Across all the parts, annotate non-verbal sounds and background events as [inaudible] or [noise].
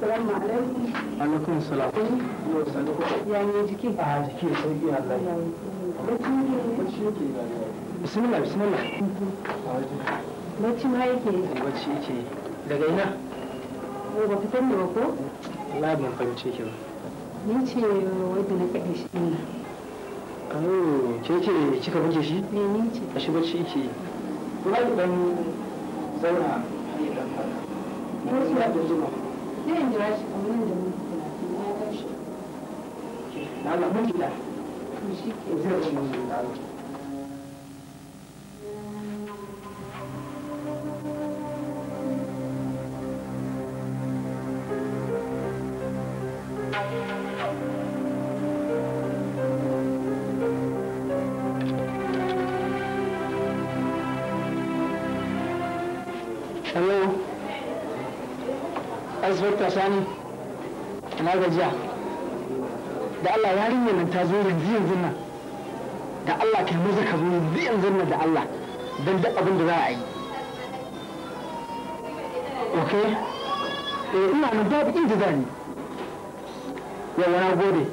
Assalamu alaikum. Alaikum salam. Ya ne jiki? A jiki sauki Allah. Bismillah bismillah. Bacci ma yake. Bacci yake. Daga ina? Ko ba fitar ne ba ko? Allah ban fahimce ki ba. Ni ce na kaɗe shi ne. Oh, ke ce kika buge shi? Eh, ne ce. bacci yake. sai jira shi na Na mun gida. shi ke. Zai dokta sani ina gajiya da Allah ya yarinyar nan ta zo yanzu yanzu nan da Allah kai maza ka zo yanzu yanzu nan da Allah don duk abin da za a yi okay eh ina nan babu inda za ni yawa na gode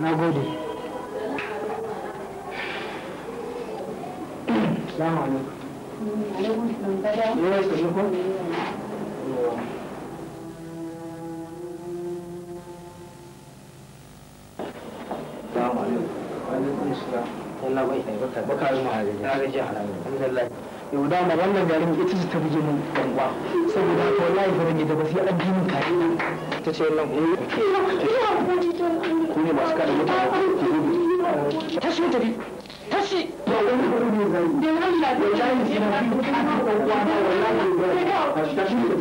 na gode Salamu alaikum. Alaikum salam. bakar na gaji alhamdulillah yau wannan garin ita ce ta buge min gangwa saboda ta wallahi fa da ba sai an nan ta ce wannan ku ne masu kada mutane ne zai da da ji na ka ta na wallahi tafi ina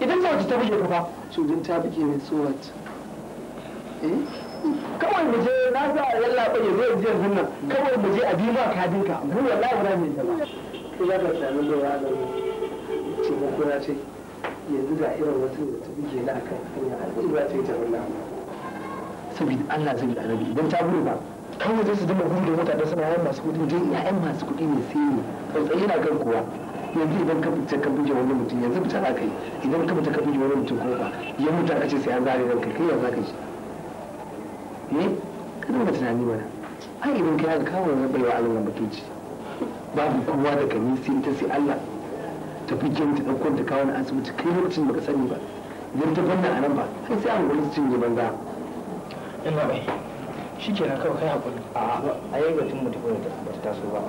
idan ta buge ka to din ne so kawai mu je na sa yalla ba ya zo ji yanzu kawai mu je a bi ma ka dinka mu wallahi ba mu ba to ya ga sami da ya da ce ko kuna ce yanzu ga irin wata da ta bige na kan hanya al'umma ce ta wannan saboda Allah zai da annabi idan ta gure ba kawai zai su dinga gudu da mutane suna yawan masu kuɗi je ya'yan masu kuɗi ne sai ne tsantsaye na kan kuwa yanzu idan ka fita ka buje wani mutum yanzu fita za ka yi idan ka fita ka buje wani mutum ko ba ya mutu ka ce sai an zare ranka kai ya za ka yi ne eh? ka dinga tunani mana ai idan kai haka kawo na baiwa Allah mutunci babu kowa da ni sai ita sai Allah ta fi ta ɗaukon ta kawo na asibiti kai lokacin baka sani ba idan ta fanna a nan ba ai sai an gwani cin gaban za ina bai shi ke na kawai kai haƙuri a yi batun mu tafi da ba ta taso ba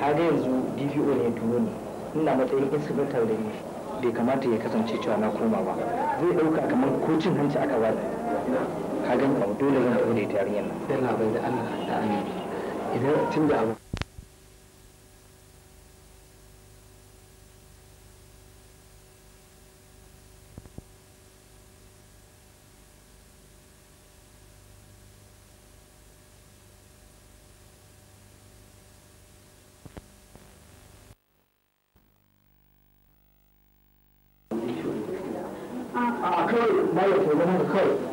ka ga yanzu dvo ne duro ne ina matsayin inspector da ne bai kamata ya kasance cewa na koma ba zai ɗauka kamar ko cin hanci aka ba ka gan dole zan tafi da ita yarinyar nan dan labai da Allah ta annabi idan tun da abu a kawai kawai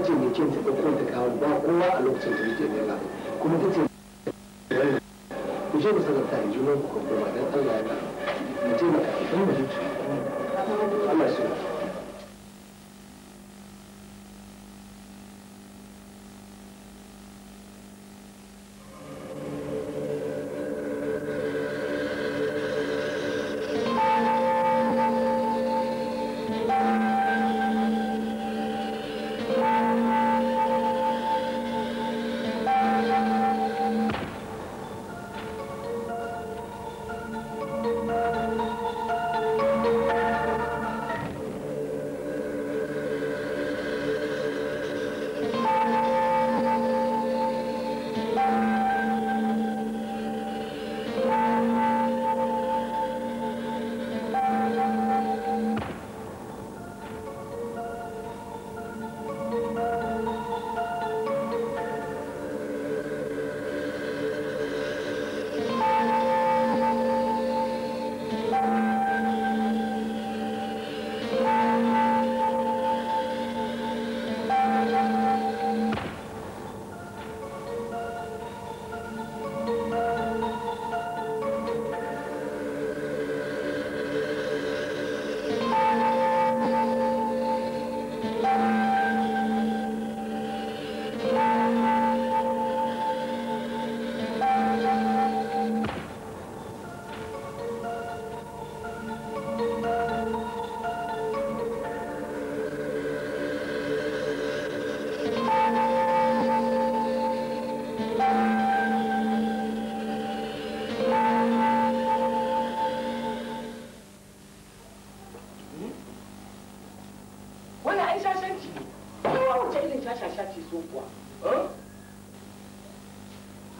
ta ce mai kyau ta ɗauko ta kawo ba kowa a lokacin da yake da kuma ta ce ku je ku sanarta in ku kuma don Allah ya ta mu taimaka don mu Allah shi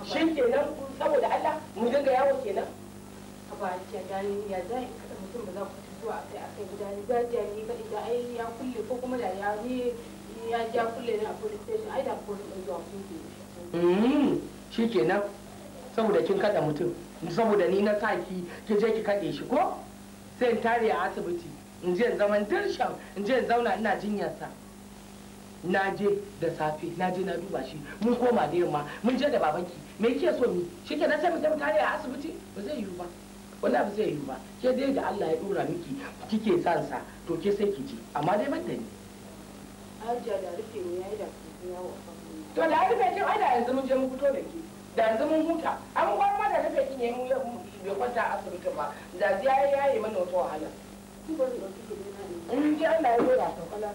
shin kenan saboda Allah mu dinga yawo kenan ka ba ki gani ya zai kada mutum ba za ku zuwa akai akai gida ni za ta ni kada da ai ya kulle ko kuma da ya ni ya ja kulle ne a police station ai da police din zuwa kun ke hmm, shi kenan saboda kin kada mutum saboda ni na sa ki ki je ki kade shi ko sai in tare a asibiti in je in zaman dirshan in je in zauna ina jinyarsa na je da safe na je na duba shi mun koma da yamma mun je da babanki me ke so ni shi ke sai mutum kare a asibiti ba zai yiwu ba wani abu zai yiwu ba ke dai da Allah ya dora miki kike san sa to ke sai ki ji amma dai ban da ni da rufe ya yi da yawo to da rufe kin ai da yanzu mun je mu fito da ke da yanzu mun huta an gwar ma da rufe kin yayi mu ya bai kwanta a asibiti ba da ya yayi mana wata wahala in ji Allah ya dora to kala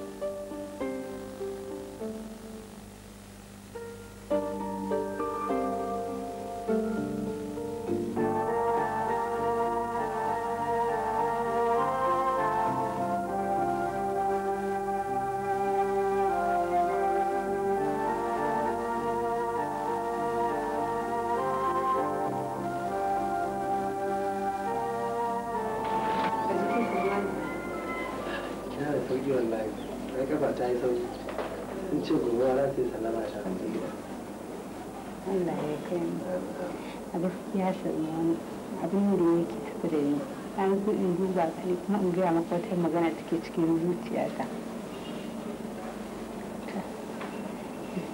kuma in gaya maka wata magana take cikin zuciyata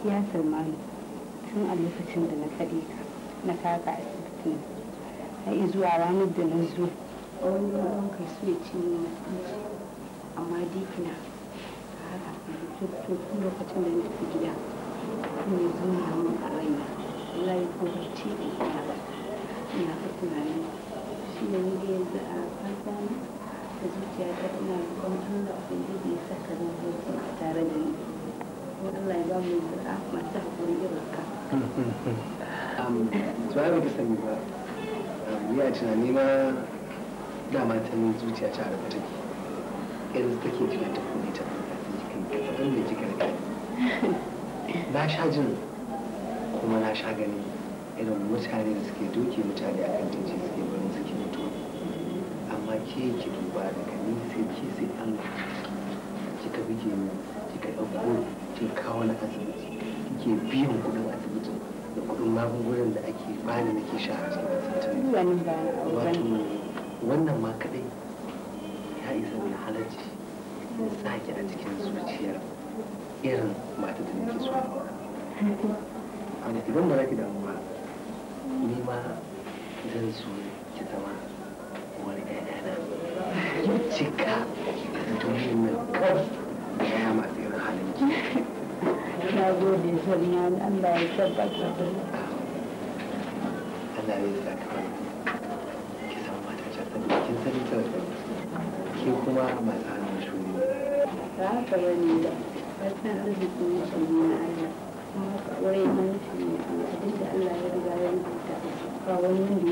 ya salmanu tun a lokacin da na faɗi ka na kaka a asibitin ai zuwa ranar da na zo a wani ruwan kai su ya ce ni na amma dikina haka tun lokacin da na tafi gida ne zuwa mun a raina za yi kuma ce ina ba ina ka tunanin shi ne yanzu a fasa ne da ta ina roƙon Allah Ubangiji ya saka na zuci a tare da ni. Allah ya ba mu sa'a masu haƙuri irinka. Tuwa ya ka sani ba, ya um, a tunani ma dama ta min zuciya ta harfa take. Yanzu take jiya ta kone ta kan da kika rike. Na sha jin kuma na sha gani irin mutane da suke doke mutane a kan titi suke barin suke mutuwa. ke ki duba daga ni sai ke sai Allah cika bige ni kika ɗauko kika kawo na asibiti ke biyan kuɗin asibiti da kuɗin magungunan da ake bani ke sha a cikin asibiti wannan ma kadai ya isa wani halarci sake a cikin zuciyar irin mata da nake so amma idan ba za ki damu ni ma zan so ki zama cika duniyar kar da ya masu irin halin ki. Na gode sanya Allah ya tabbata. Allah ya Ki samu mata ta ta Ki kuma masu hannun su ne. Ba haka ba ne ba. Wannan arziki ne shi ne na Allah. Kuma ka wuri mun shi ne amma da Allah wani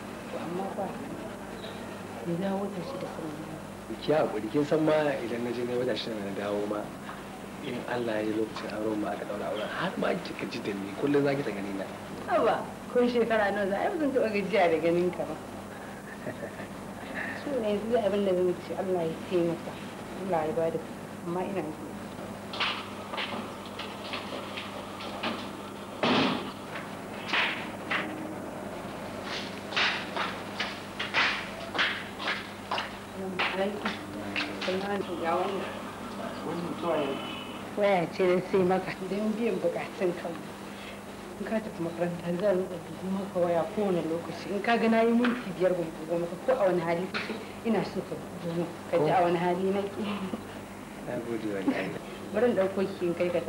amma ba ya dawo wata shi da sanar ki haƙuri kin san ma idan na je na wata na dawo ma in Allah ya lokacin auren ma aka daura auren har ma kika ji da ni kullum za ki ta gani na. Haba kun shekara nawa za a yi zan taɓa gajiya da ganin ka ba. Su [laughs] ne yanzu abin da zan ce Allah ya taimaka Allah ya bada amma ina ya waya ce da sai maka don biyan bukatun kanmu in ka tafi makaranta zan maka waya kowane lokaci in ka gana yi minti biyar ko a wani hali kake ina ka ka a wani hali na kai ka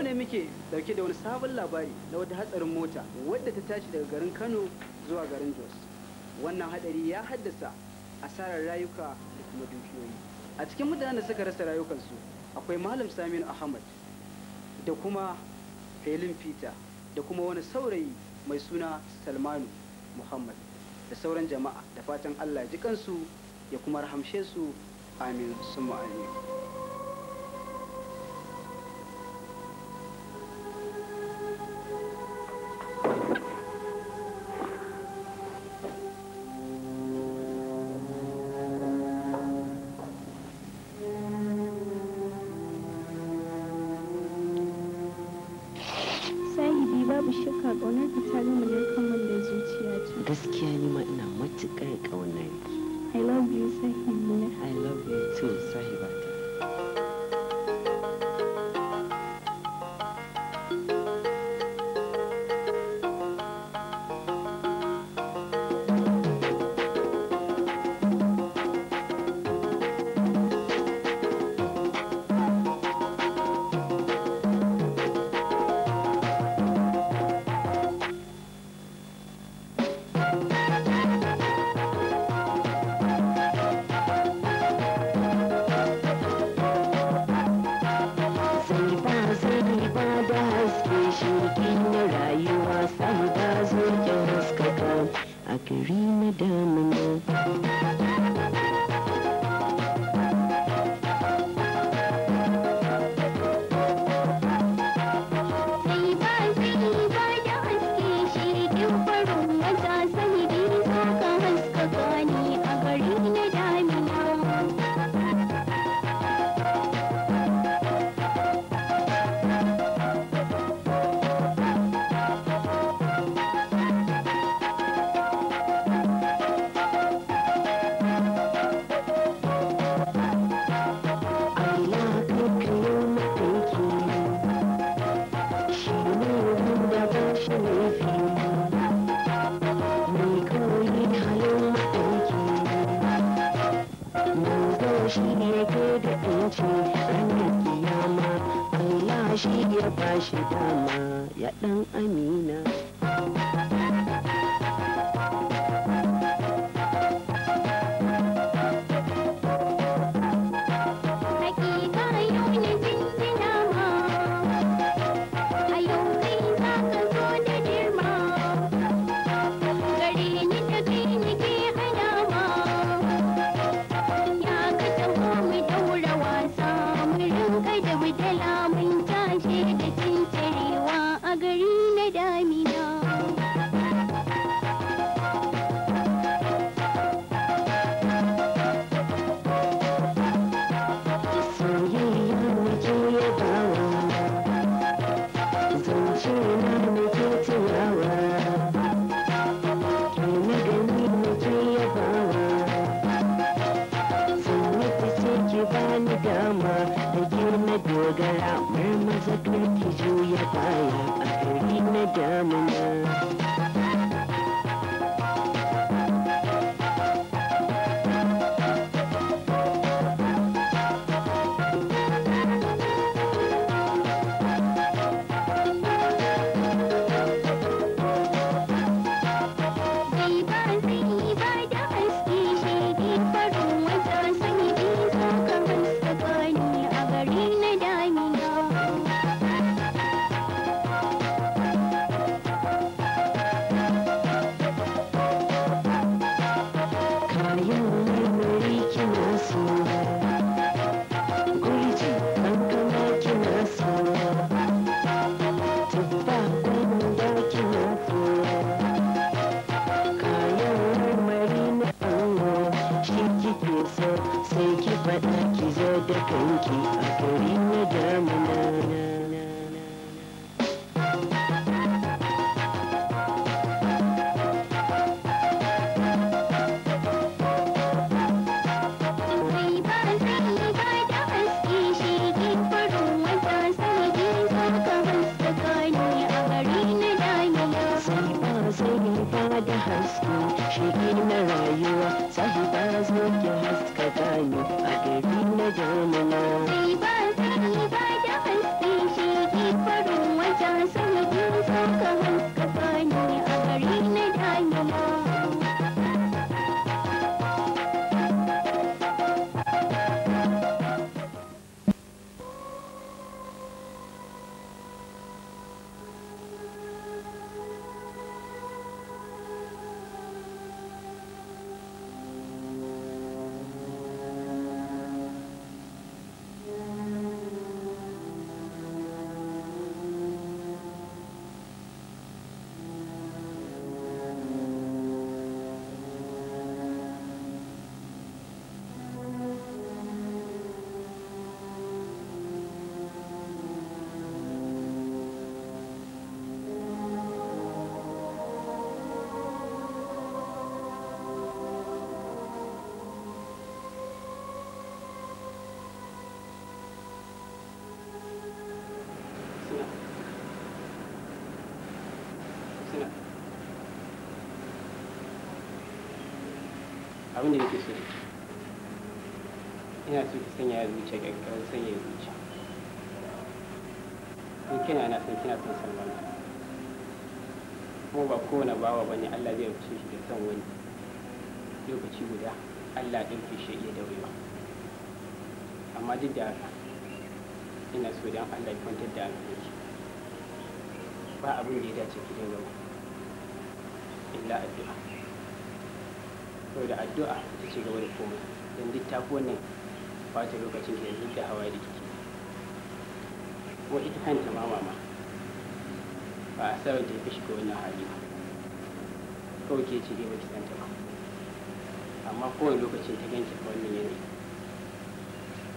yau ne muke dauke da wani sabon labari na wata hatsarin mota wadda ta tashi daga garin kano zuwa garin jos wannan hadari ya haddasa asarar rayuka da kuma dukiyoyi a cikin mutanen da suka rasa rayukansu akwai malam saminu ahmad da kuma felin peter da kuma wani saurayi mai suna salmanu muhammad da sauran jama'a da fatan allah jikansu ya kuma rahamshe su amin sun amin Akarina Damina. भोगला मैं मजक में खिजू ये पाया अतड़ी में जामना abin da nake so ina so ki sanya zuciya kyakkyawar sanya zuciya in kina na san kina son salman kuma ba kowane bawa bane Allah zai rubuce shi da son wani lokaci guda Allah ɗauke shi iya daurewa amma duk da haka ina so don Allah ya kwantar da hankali ba abin da ya dace ki dinga illa addu'a kawai da addu'a da ci gaba da komai don duk ta fi wannan bata lokacin da yanzu da hawa da kike kuma ita kanta ma mama ba a sabar ta ya fi shiga wannan hali kawai ke ce dai ba ki ba amma kowane lokacin ta ganki a wannan yanayi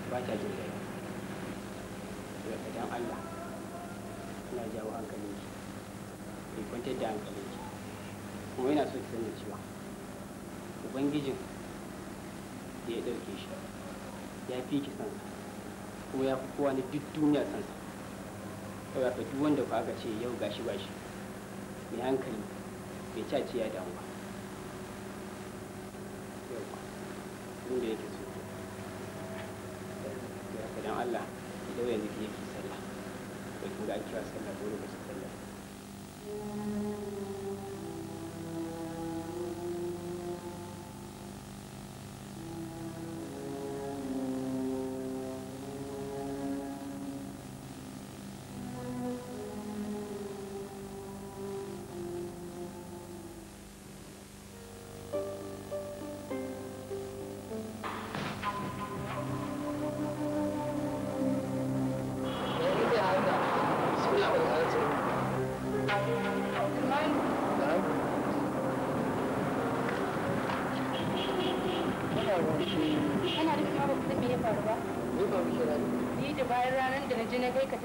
ba ta jin daɗi daga dan Allah ina jawo hankalinki ki kwantar da hankalinki kuma yana so ki sani cewa ubangijin da ya ɗauke shi ya fi ki san kuma ya fi kowa na duk duniya san sa ka duk wanda ku aka ce yau gashi ba shi mai hankali bai ci ce ya damu ba yau ba inda yake so ya ka dan Allah da yanzu ke yake sallah bai kuma an kira sallah ko lokaci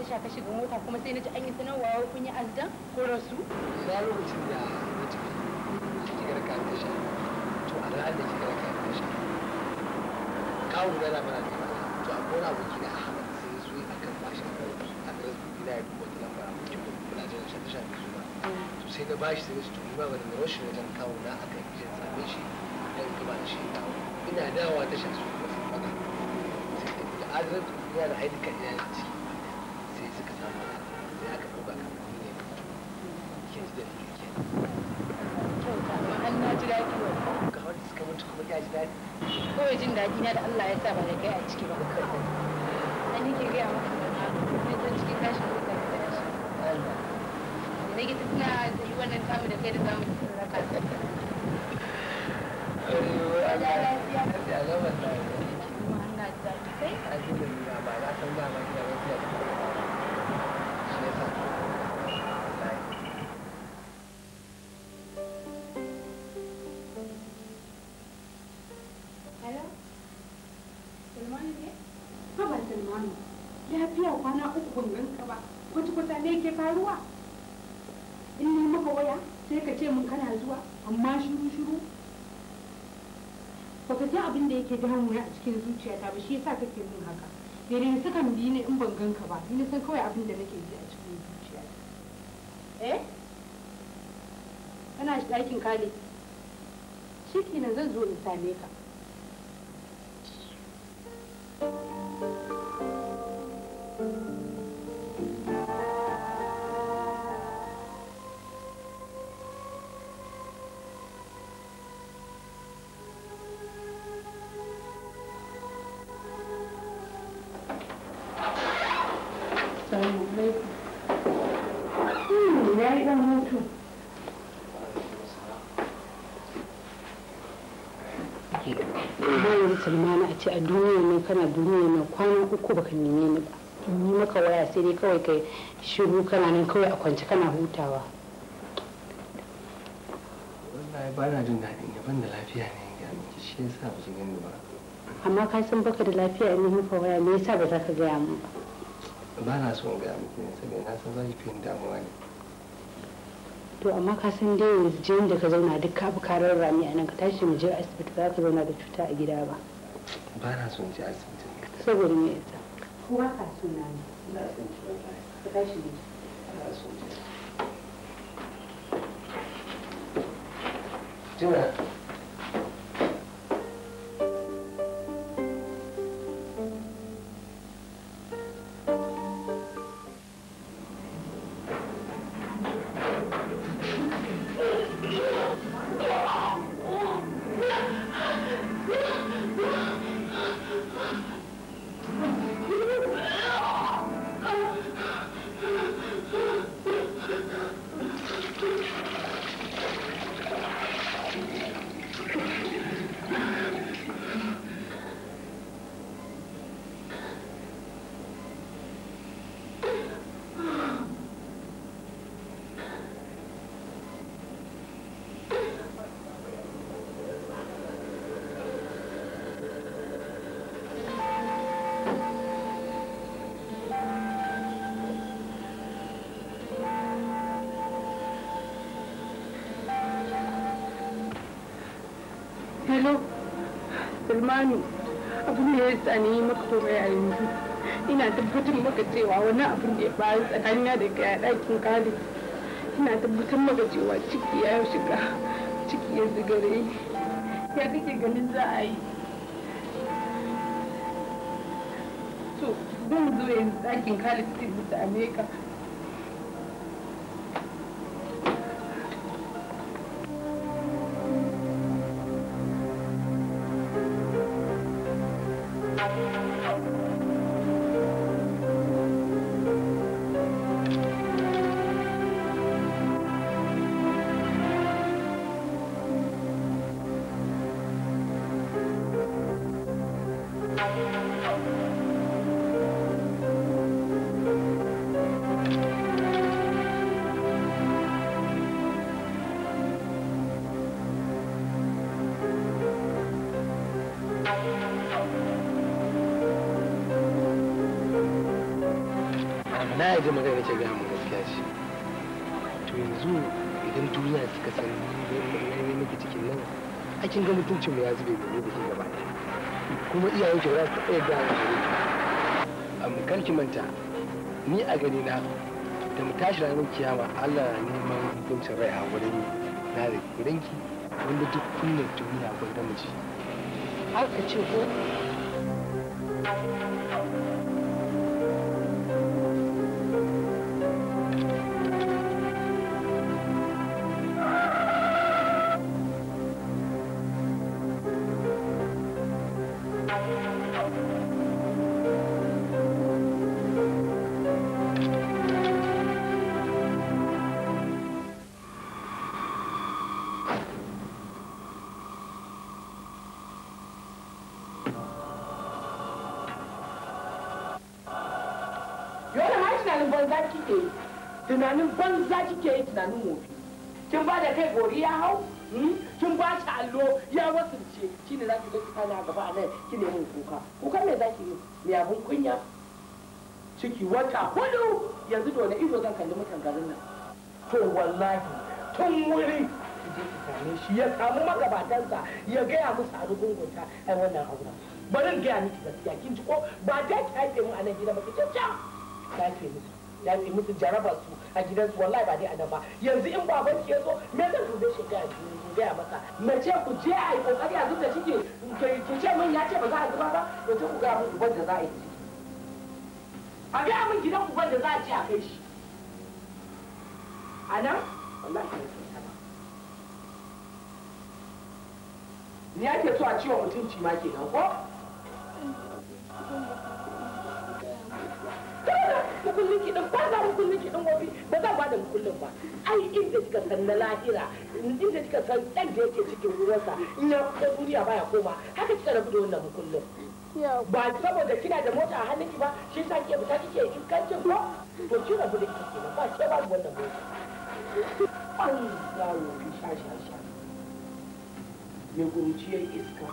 sha ka shiga mota kuma sai na ji an yi sanarwa wa kun yi azdan ko rasu na lokacin da na tafi a da kayan tasha to a ranar da shiga da kayan tasha kawo da na mana nema to a gona aboki na ahmad sai ya zo ya akan bashi a kan adres bugi na ya duba wata lamba a mutum da kuna jin shan tasha da su ba to sai na bashi sai su tuni ba wani na rashin wajen kawo na kan jin same shi dan gaba da shi ina dawowa tasha su ba sai da adres bugi na da ya ina jin daɗi na da Allah ya sa ba da kai a ciki ba dan nake gaya maka mai zan cikin tashin hankali da rashin Allah da nake tafiya da yi wannan tamu da kai da zamu yake damuna a cikin zuciyata ba shi yasa kake yin haka daidai sukan bi ni in ban ganka ba ni san kawai abin da nake ji a cikin zuciyata eh kana ɗakin kale shi kenan zan zo in same ka musulmana a ce a duniya nan kana duniya nan kwana uku baka neme ni ba in yi maka waya sai dai kawai kai shiru kana nan kawai a kwance kana hutawa wallahi ba na jin daɗin ya banda lafiya ne ga miki shi yasa ba shi gani ba amma ka san baka da lafiya in yi maka waya me yasa ba za ka gaya mu ba ba na so in gaya miki ne saboda na san za ki fi damuwa ne to amma ka san dai yanzu jiyan da ka zauna duk ka fi karar rami a nan ka tashi mu je asibiti za ka zauna da cuta a gida ba ba na son je asibiti saboda me yasa ko ba ka son na ne ka tashi ne Jira. Usmanu abu ne ya tsani maka kuma ya yanzu ina tabbatar maka cewa wani abin da ya bayan tsakanina da ka ɗakin kali ina tabbatar maka cewa ciki ya shiga ciki ya zigare ya kake ganin za a yi to zan zo yanzu ɗakin kali su a meka. kin ga mutuncin mu ya zube ne da gaba kuma iyayen ki ba su da ga amma kan ki manta ni a gani na da mu tashi ranar kiyama Allah na neman hukuncin rai a ni na da wurin ki wanda duk kunnen duniya gwanda mu ji har ka ce ko banza kike yi tunanin banza kike yi tunanin mofi kin ba da kai gori ya hau hmm? kin ba shi allo ya shi ne za ki ga kana gaba a nan ki nemi kuka kuka me za ki yi me abun kunya ciki wata hudu yanzu da wani ido zan kalli mutan garin nan to wallahi tun wuri shi ya samu magabatansa ya gaya musu a gunta a wannan auren barin gaya miki gaskiya kin ji ko ba da ki haife mu a nan gida ba ki ce ta ke musu da yi musu jaraba su a gidansu wallahi ba dai a nan ba yanzu in babanki ya zo me zan dube shi ga gaya masa na ce ku je a yi kokari a zuba ciki ku ce min ya ce ba za a zuba ba ya ce ku ga mun uban da za a yi ciki a gaya min gidan uban da za a ci a kai shi a nan wallahi ni ake so a ciwon mutunci ma ke nan ko kullum ki din ko ba mukullin ki din wofi ba zan bada kullum ba ai inda kika san na lahira inda kika san dan da yake cikin ruwansa in ya fita duniya baya koma haka kika rabu da wannan kullum ba saboda kina da mota a hannunki ba shi yasa kike fita kike iskancin ko to ki rabu da kike ba ke ba wannan mota an yawo ki sha sha sha me guruciyar iska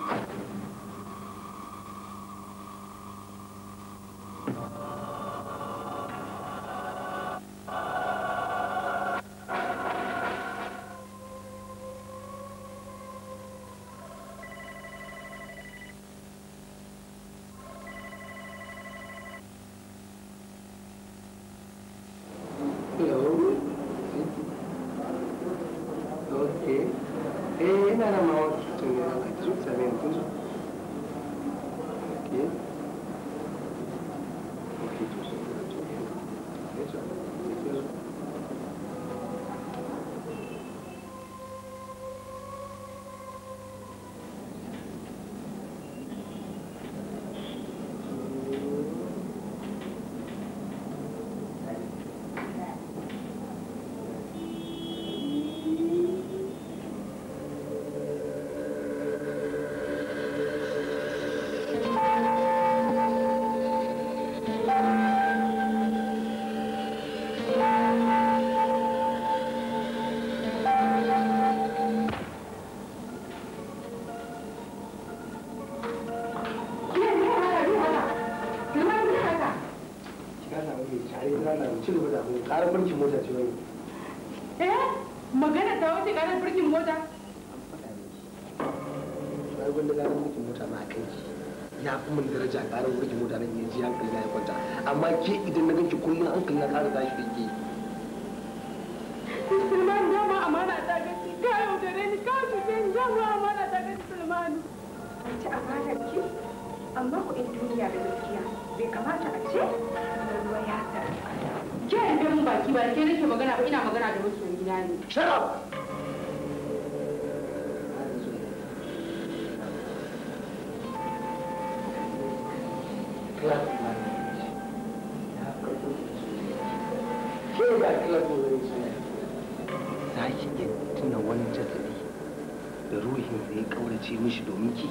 Thank you. karar birkin mota ce wani eh magana ta wuce karar birkin mota ai wanda karar birkin mota ma a kai ya fi min daraja karar birkin mota nan yanzu ya na ya kwanta amma ke idan na ganki kullum hankali na kara tashi dake Sulman ma amana ta gaske. ka yaudare ni ka cuce ni ma amana ta gaske Sulman. Ta amana ki amma ku in duniya da gaskiya bai kamata a ce baki ba da ke nake magana ba ina magana da mutum gida ne. Shut Za tuna wani da ruhin zai kaurace mishi domin ki.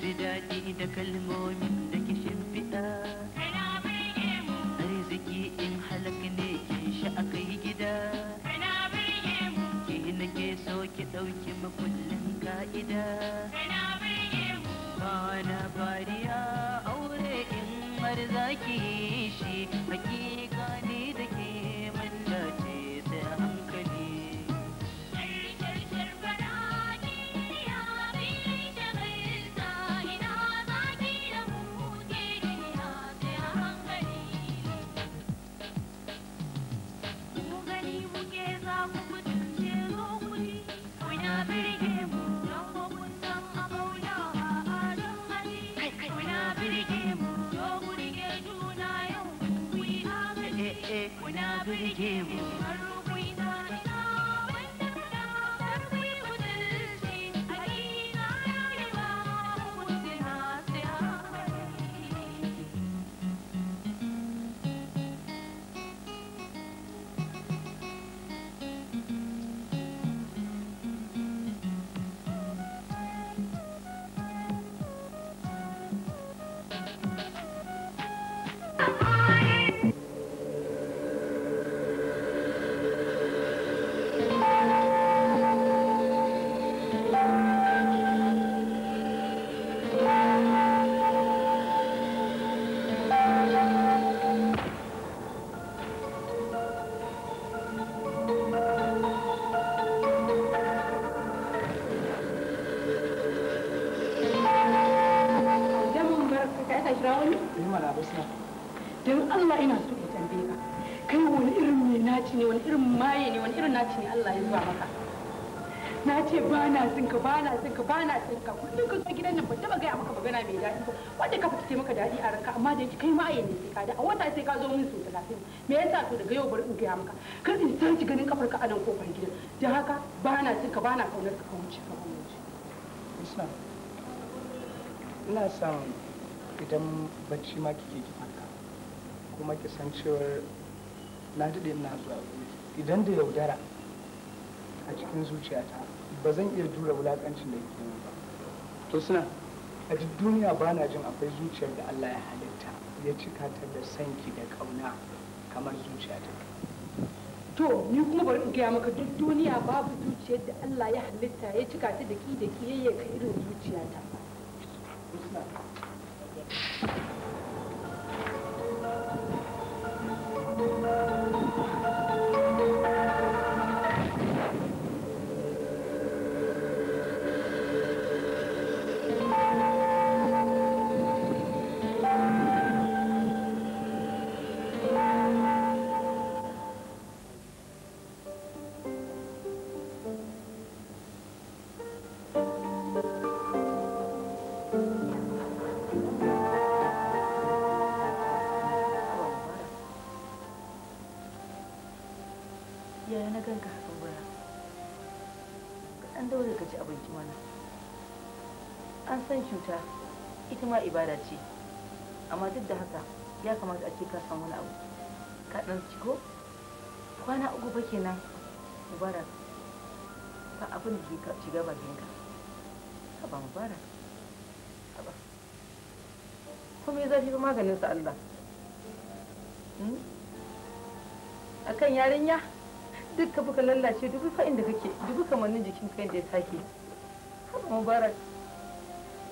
ji daɗi da kalmomi give. na son ka ba na son ba na son kullum ka zo gidan nan ba taba gaya maka magana mai daɗi ba wanda ka fita maka daɗi a ranka amma da yake kai ma a yanzu sai ka da a wata sai ka zo min su da talatin me yasa to daga yau bari in gaya maka kar in tashi ganin kafarka a nan kofar gidan da haka ba na son ka ba na kaunar ka ka wuce ka wuce. ina son idan bacci ma kike ki farka kuma ki san cewar na daɗe ina zuwa idan da yaudara a cikin zuciyata ba zan iya jure wulakancin da yake yi ba to suna a duk duniya ba na jin akwai zuciyar da Allah ya halitta ya cika ta da sanki da kauna kamar zuciya ta to ni kuma bari in gaya maka duk duniya babu zuciyar da Allah ya halitta ya cika ta da ki da ki yayyaka irin zuciya ta cuta ita ma ibada ce amma duk da haka ya kamata a ce ka samu wani abu ka ɗan ciko kwana uku ba kenan mubarak ba abin da ke shiga bakinka haba mubarak haba kuma ki zafi maganin sa Allah hmm? akan yarinya duk ka buka lallace dubu fa inda kake dubu kamannin jikin kai da ya take haba mubarak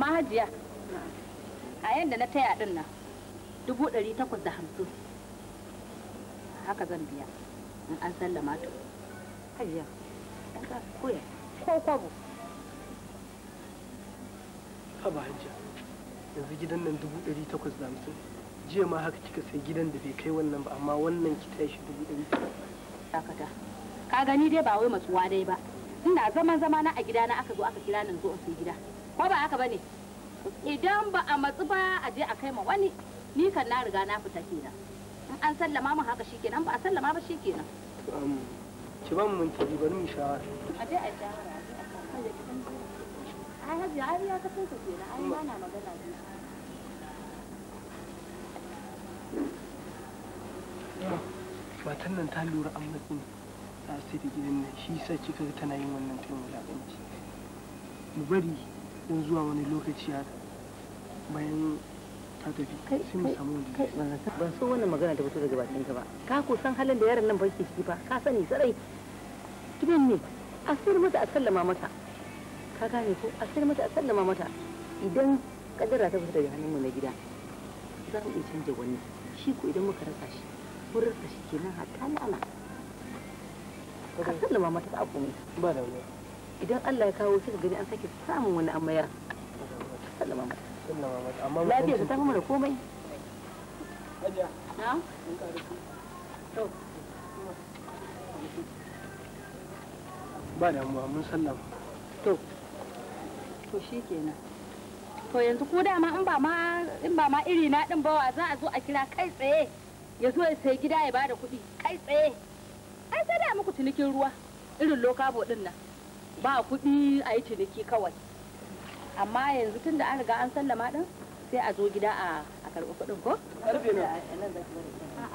amma hajiya a yadda na taya din nan dubu ɗari takwas da hamsin haka zan biya in an sallama to hajiya koya ko kwabo haba hajiya yanzu gidan nan dubu ɗari takwas da hamsin jiya ma haka kika sai gidan da bai kai wannan ba amma wannan ki tashi dubu ɗari takwas ka gani dai ba wai matsuwa dai ba ina zaman zama na a gida na aka zo aka kira nan zo in sai gida ko ba haka bane idan ba a matsu ba a je a kai ma wani ni kan na riga na fita kenan in an sallama mu haka shikenan ba a sallama ba shikenan ki ban mun ki bari mu shawara a je a shawara ai hajiya ai ya san ka kenan ai ba na magana ne matan nan ta lura an matsin ne ta sai da gidan nan shi sa kika tana yin wannan taimaka mu bari in zuwa wani lokaci ya bayan ta tafi sai mu samu wani ban so wannan magana ta fito daga bakin ka ba ka ko san halin da yaron nan ba yake ciki ba ka sani sarai tumin ne a sayar mata a sallama mata ka gane ko a sayar mata a sallama mata idan kadara ta fita daga mu na gida za mu iya canja wani shi ko idan muka rasa shi mun rasa shi kenan hatta lana ka sallama mata ta komai ba da wani idan Allah ya kawo shi gani an sake samun wani amaya lafiya ta tafi da komai ba damuwa mun sallama to to shi kenan to yanzu ko dama in ba ma in ba ma iri na din bawa za a zo a kira kai tsaye ya zo ya sai gida ya bada kuɗi kai tsaye ai sai da muku cinikin ruwa irin bo din nan ba kuɗi a yi ciniki kawai amma yanzu tun da an riga an sallama ɗin sai a zo gida a karɓi kuɗin ko? karfe na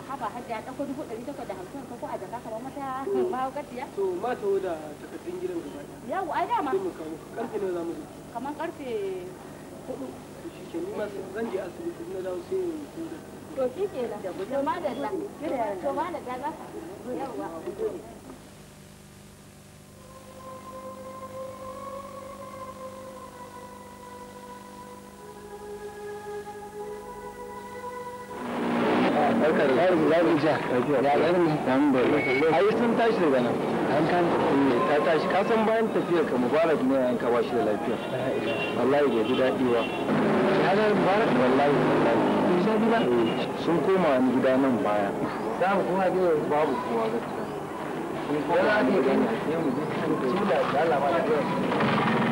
haba hajji a ɗauko dubu ɗari takwas da hamsin ko a jaka kamar mata mahaukaciya? to ma ta da takardun gidan gaba ɗaya yawo ai dama karfe ne za mu kamar karfe hudu shi ke ni ma zan je asibiti na dawo sai in to shi ke nan to ma da to ma da za ka yawa guda da tashi daga nan ta tashi ka san bayan tafiyar ka mubarak ne an ka bashi da lafiya wallahi bai ji daɗi ba mubarak wallahi wallahi sun koma wani gida nan baya za mu kuma ga babu kowa sun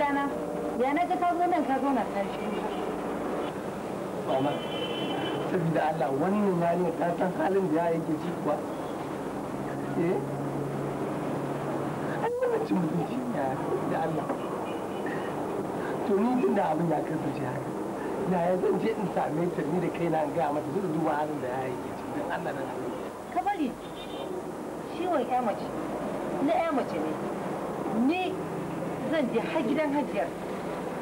ɗana ya na ka zo nan ka zo nan kan shi saboda Allah wannan ya ne ta san halin da ya yake ji kuwa eh an yi mace mutunci ya da Allah to ni tun da abin ya kasance haka na ya zan je in same ta ni da kai na ga mata duk duba halin da ya yake ji dan na zan je har gidan hajiyar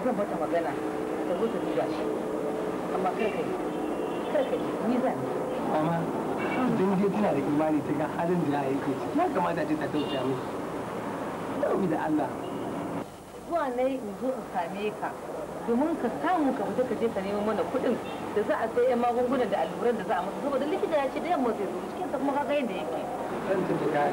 zan bata magana ta zo ta duba shi amma kai kai kai kai ni zan amma idan dai tana da imani ta ga halin da ya yake ciki ya kamata ce ta tausaya miki dauki da Allah zuwa na yi in zo in same ka domin ka samu ka fita ka je ka nemo mana kuɗin da za a sai yan magungunan da alluran da za a musu saboda likita ya ce da yamma zai zo cikin sa kuma kaga yadda yake zan tafi ka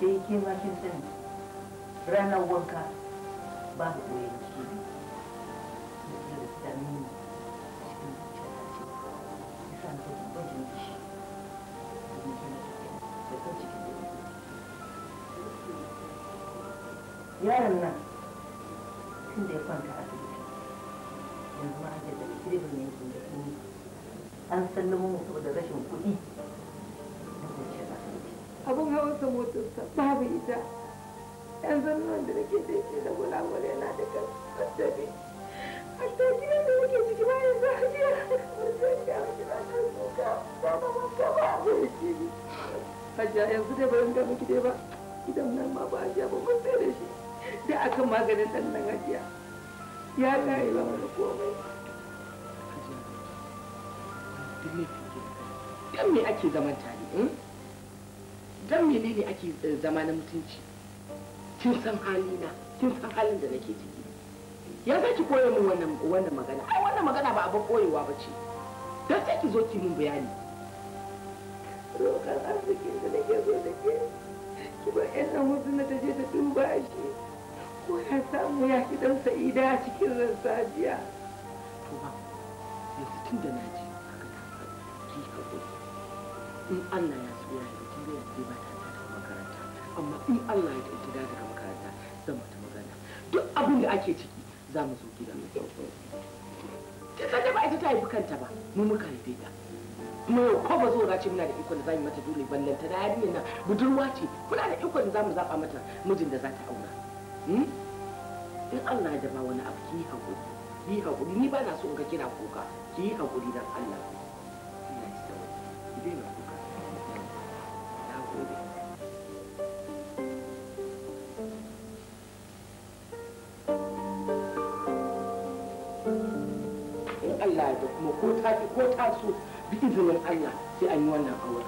ke ke ma kin sani ranar wanka ba da koyon kibi da ke da tsamini cikin zuciyarci ya sa na gudun gwajin dishi domin kina tafiya da kan cikin da yaron nan tun da ya kwanta a asibiti yanzu ma an da direbin yankin da kuma an sallama mu da rashin kuɗi masa motarsa babu ita yanzu nan da nake da yake da gulagul yana da kaddabi hatta gidan da nake ciki ba yanzu a jiya mutum ya mutu na kan suka ba ba ba ka ba hajiya yanzu dai ba ga miki dai ba idan nan ma ba hajiya ba mun sai da shi da akan maganin dan nan hajiya ya kare ba wani komai dan me ake zaman tare eh? dan menene ake eh, zama na mutunci kin san halina kin san halin da nake ciki ya za ki koya min wannan wannan magana ai wannan magana ba abin koyewa ba ce dan sai ki zo ki min bayani lokacin arziki da nake zo da ke ki ba yan nan hudu na taje da duba shi ko ya samu ya ki dan sa'ida a cikin ran jiya to ba yanzu tun da na ji haka ta faru ki haƙuri in Allah ya so ya tafiyar da ba ta ta makaranta amma in Allah ya kai da daga makaranta zan mata magana duk abin da ake ciki za mu zo gida ta sanya ba ita ta haifi kanta ba mu muka haife ta kuma yau ko ba zo na ce muna da ikon da za mu mata dole ta da yarinyar nan budurwa ce kuna da ikon da za mu zaɓa mata mijin da za ta aura hmm? in Allah ya daba wani abu ki yi haƙuri ki yi haƙuri ni ba na so in ka kira kuka ki yi haƙuri don Allah Allah ya sauka ki daina Allah da kuma ko ta ki ko ta so bi izinin Allah sai an yi wannan aure.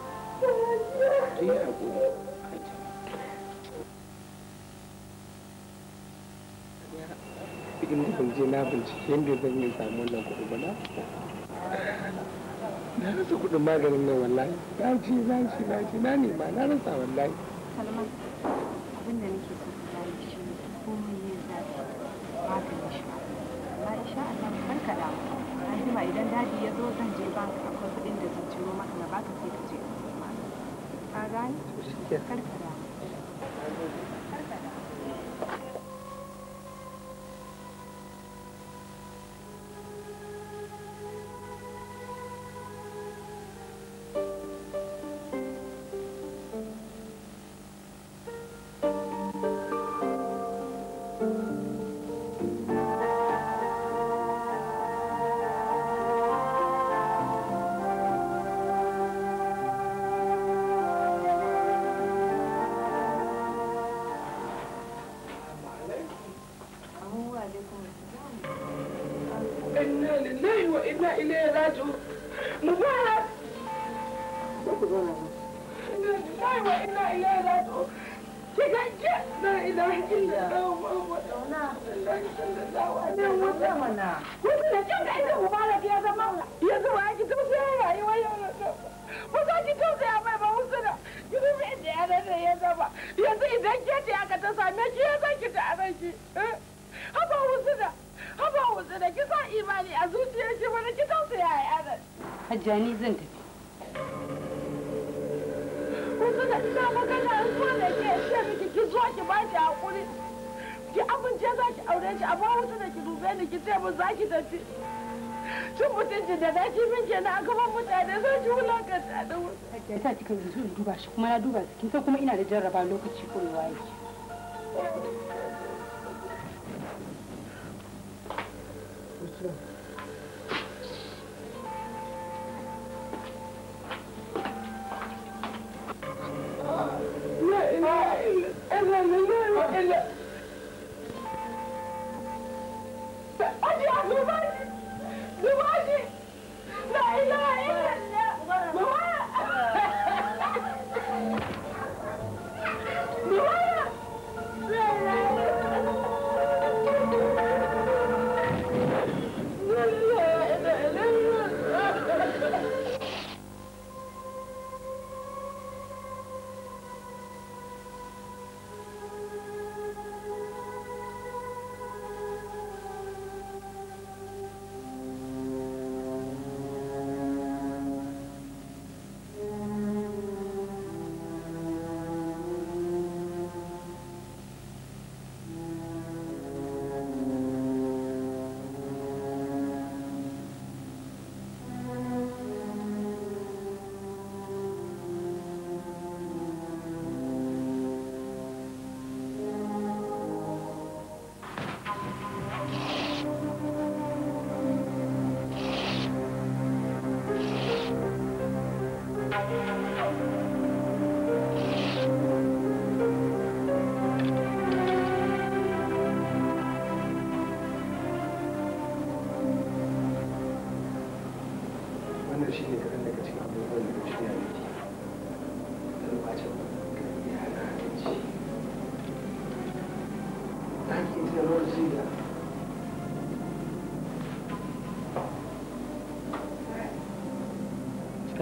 je na bincike inda zan yi samu wannan kuɗi ba na Na rasa kuɗin maganin nan wallahi. Na ce na ce na ce na nema na rasa wallahi. Salman abin nake so yi shi komai maganin shi Allah barka da mu. ba idan dadi ya zo zan je ka akwai kuɗin da zan ciro maka na baka sai ka je ka gane? وإنا إليه راجعون ni zan tafi Kuka ina magana in so da ke ki zo ki ki za ki aure shi amma wasu da ki dube ni ki ce za ki tafi da na ki min kenan a gaban mutane zan ki wulakanta da wasu. Ya sa kika yanzu in duba shi kuma na duba su kin kuma ina da jarraba lokaci ko Thank you.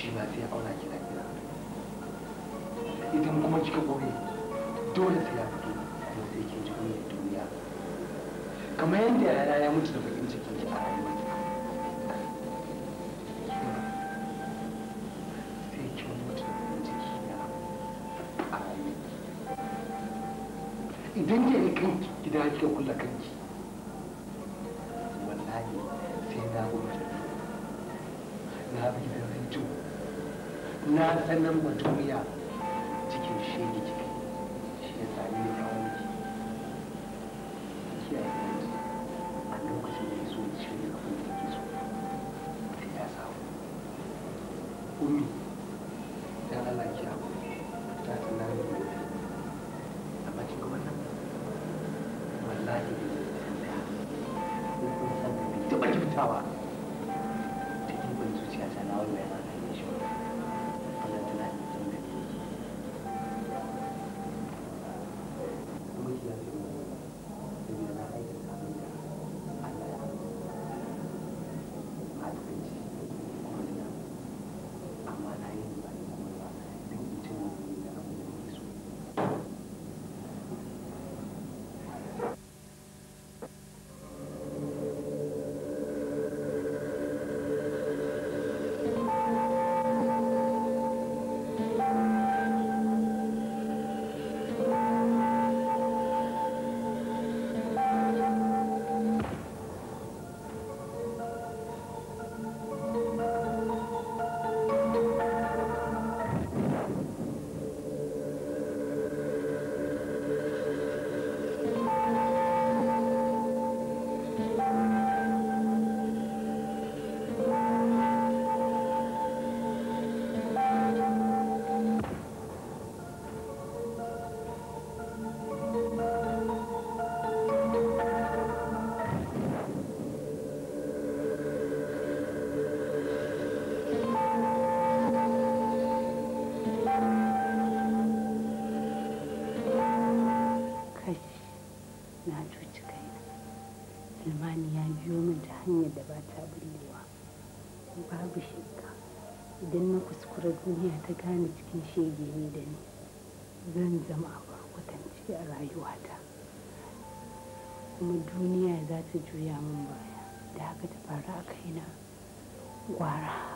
shi ma sai ya lafiya idan kuma kika ƙure dole sai ya fito kuma sai kin ji duniya yadda yara ya mutu da bakin cikin ki a rayuwa sai kin mutu da bakin ciki a rayuwa idan ke kanki gida kika kulla kanki na ɗanan baturiya cikin shi duniya ta gane cikin shege ne da ni zan zama abin kwatance a rayuwata kuma duniya za ta juya min baya da haka ta faru a kaina gwara